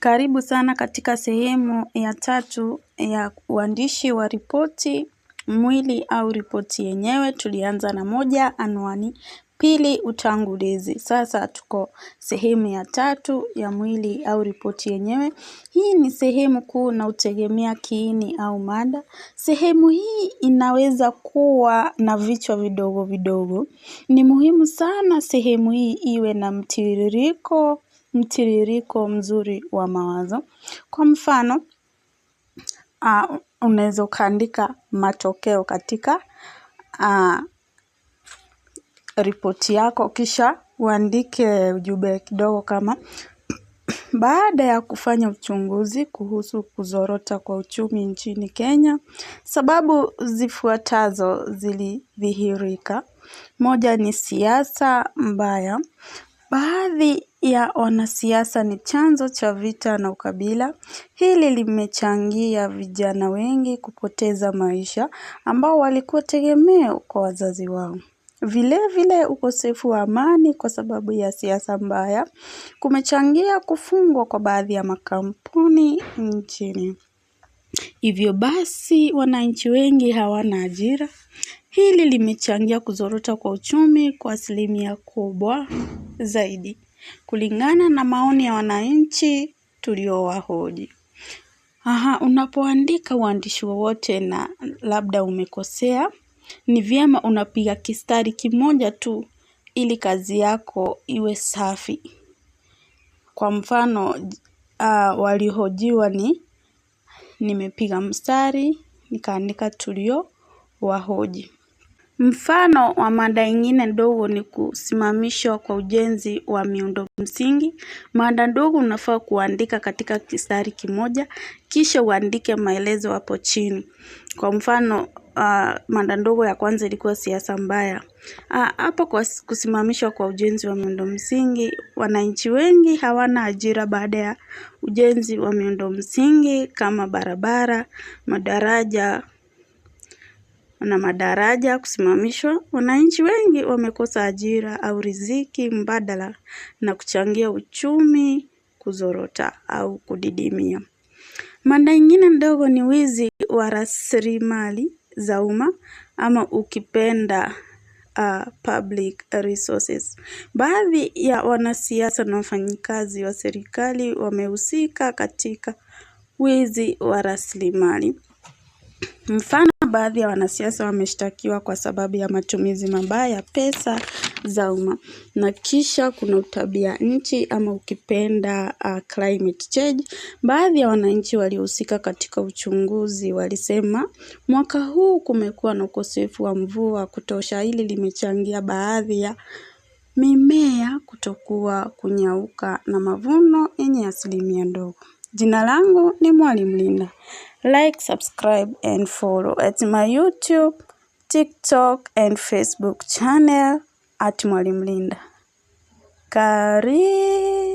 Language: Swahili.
Karibu sana katika sehemu ya tatu ya uandishi wa ripoti mwili au ripoti yenyewe. Tulianza na moja, anwani; pili, utangulizi. Sasa tuko sehemu ya tatu ya mwili au ripoti yenyewe. Hii ni sehemu kuu na hutegemea kiini au mada. Sehemu hii inaweza kuwa na vichwa vidogo vidogo. Ni muhimu sana sehemu hii iwe na mtiririko mtiririko mzuri wa mawazo. Kwa mfano, unaweza ukaandika matokeo katika ripoti yako kisha uandike ujumbe kidogo kama baada ya kufanya uchunguzi kuhusu kuzorota kwa uchumi nchini Kenya, sababu zifuatazo zilidhihirika. Moja ni siasa mbaya. Baadhi ya wanasiasa ni chanzo cha vita na ukabila. Hili limechangia vijana wengi kupoteza maisha ambao walikuwa tegemeo kwa wazazi wao. Vile vile ukosefu wa amani kwa sababu ya siasa mbaya kumechangia kufungwa kwa baadhi ya makampuni nchini. Hivyo basi wananchi wengi hawana ajira. Hili limechangia kuzorota kwa uchumi kwa asilimia kubwa zaidi kulingana na maoni ya wananchi tuliowahoji. Aha, unapoandika uandishi wowote na labda umekosea, ni vyema unapiga kistari kimoja tu ili kazi yako iwe safi. Kwa mfano uh, walihojiwa ni nimepiga mstari nikaandika tulio wahoji. Mfano wa mada nyingine ndogo ni kusimamishwa kwa ujenzi wa miundo msingi. Mada ndogo unafaa kuandika katika kistari kimoja, kisha uandike maelezo hapo chini. Kwa mfano uh, mada ndogo ya kwanza ilikuwa siasa mbaya. Ah, hapo kwa kusimamishwa kwa ujenzi wa miundo msingi, wananchi wengi hawana ajira baada ya ujenzi wa miundo msingi kama barabara, madaraja na madaraja kusimamishwa, wananchi wengi wamekosa ajira au riziki mbadala na kuchangia uchumi kuzorota au kudidimia. Mada nyingine ndogo ni wizi wa rasilimali za umma ama ukipenda uh, public resources. Baadhi ya wanasiasa na wafanyikazi wa serikali wamehusika katika wizi wa rasilimali. Mfano Baadhi ya wanasiasa wameshtakiwa kwa sababu ya matumizi mabaya ya pesa za umma. Na kisha kuna utabia nchi ama ukipenda uh, climate change. Baadhi ya wananchi waliohusika katika uchunguzi walisema mwaka huu kumekuwa na ukosefu wa mvua kutosha. Hili limechangia baadhi ya mimea kutokuwa kunyauka na mavuno yenye asilimia ndogo. Jina langu ni Mwalimu Linda. Like, subscribe and follow at my YouTube, TikTok and Facebook channel at Mwalimu Linda. Karibu.